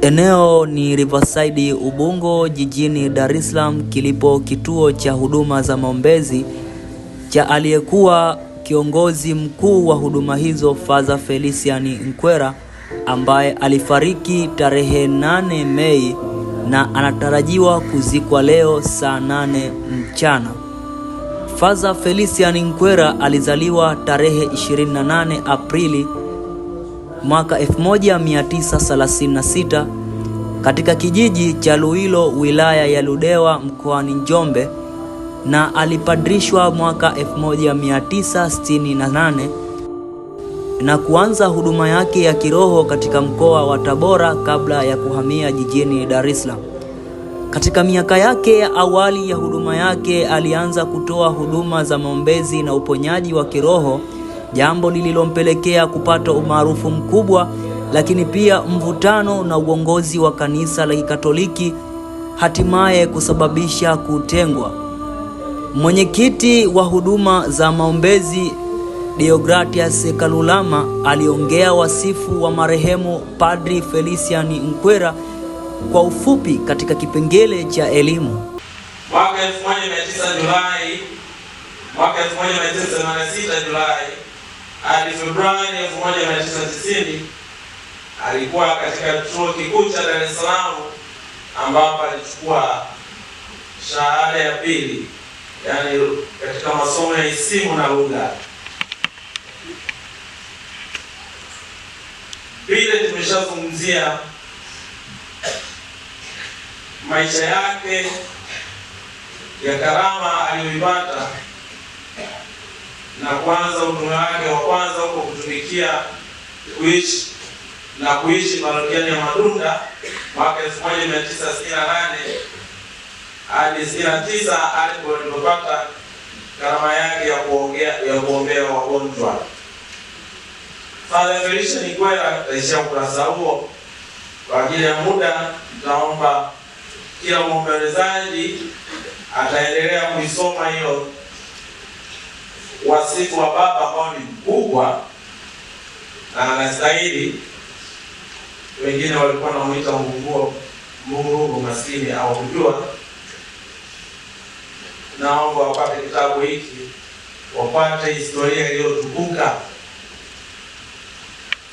Eneo ni Riverside Ubungo jijini Dar es Salaam kilipo kituo cha huduma za maombezi cha aliyekuwa kiongozi mkuu wa huduma hizo Father Felician Nkwera ambaye alifariki tarehe 8 Mei na anatarajiwa kuzikwa leo saa 8 mchana. Father Felician Nkwera alizaliwa tarehe 28 Aprili mwaka 1936 katika kijiji cha Luilo wilaya ya Ludewa mkoani Njombe na alipadrishwa mwaka 1968 na, na kuanza huduma yake ya kiroho katika mkoa wa Tabora kabla ya kuhamia jijini Dar es Salaam. Katika miaka yake ya awali ya huduma yake alianza kutoa huduma za maombezi na uponyaji wa kiroho jambo lililompelekea kupata umaarufu mkubwa, lakini pia mvutano na uongozi wa kanisa la Kikatoliki, hatimaye kusababisha kutengwa. Mwenyekiti wa huduma za maombezi Deogratias Kalulama aliongea wasifu wa marehemu Padri Felician Nkwera kwa ufupi katika kipengele cha elimu. Mwaka Julai, mwaka 1986 Julai hadi Februari 1990 alikuwa katika chuo kikuu cha Dar es Salaam ambapo alichukua shahada ya pili, yani katika masomo ya isimu na lugha. Vile tumeshazungumzia maisha yake ya karama aliyoipata na kwanza utume wake wa kwanza huko kutumikia kuishi na kuishi parokiani ya Matunda mwaka 1968 hadi 69 alipo alipopata karama yake ya kuongea ya kuombea wagonjwa. Father Felician Nikwera ataishia ukurasa huo. Kwa ajili ya muda, naomba kila muombolezaji ataendelea kuisoma hiyo wasifu wa baba ambao ni mkubwa na anastahili. Wengine walikuwa wanamuita Mungu Mungu maskini au kujua. Naomba wapate kitabu hiki, wapate historia iliyotukuka.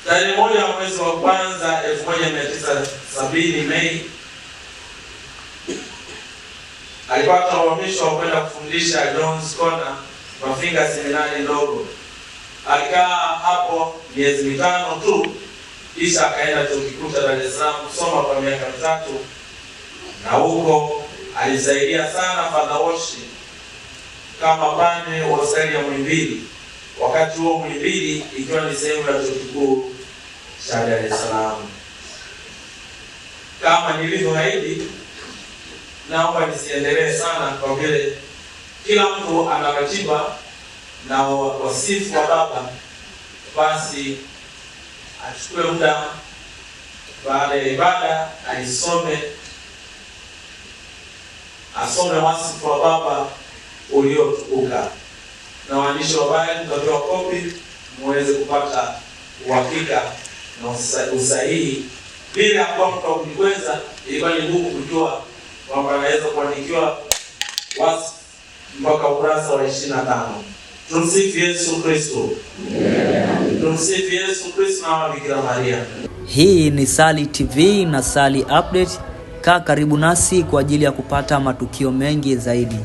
Tarehe moja mwezi wa kwanza elfu moja mia tisa sabini Mei alipata uhamisho wa kwenda kufundisha John Corner Mafinga seminari ndogo. Alikaa hapo miezi mitano tu, kisha akaenda chuo kikuu cha Dar es Salaam kusoma kwa miaka mitatu, na huko alisaidia sana fadhaoshi kama pane wa hospitali ya Muhimbili, wakati huo Muhimbili ikiwa ni sehemu ya chuo kikuu cha Dar es Salaam. Kama nilivyoahidi, naomba nisiendelee sana kwa vile kila mtu ana ratiba na wasifu wa baba, basi achukue muda baada ya ibada aisome, asome wasifu wa baba uliotukuka, na waandishi wa habari mtapewa kopi muweze kupata uhakika na usahihi bila ya kuwa mtu kujikweza, ilikuwa ni ngumu kujua kwamba anaweza kuandikiwa wasifu mpaka ukurasa wa 25. Tumsifu Yesu Kristo. Tumsifu Yesu Kristo na Bikira Maria. Hii ni Sali TV na Sali Update. Kaa karibu nasi kwa ajili ya kupata matukio mengi zaidi.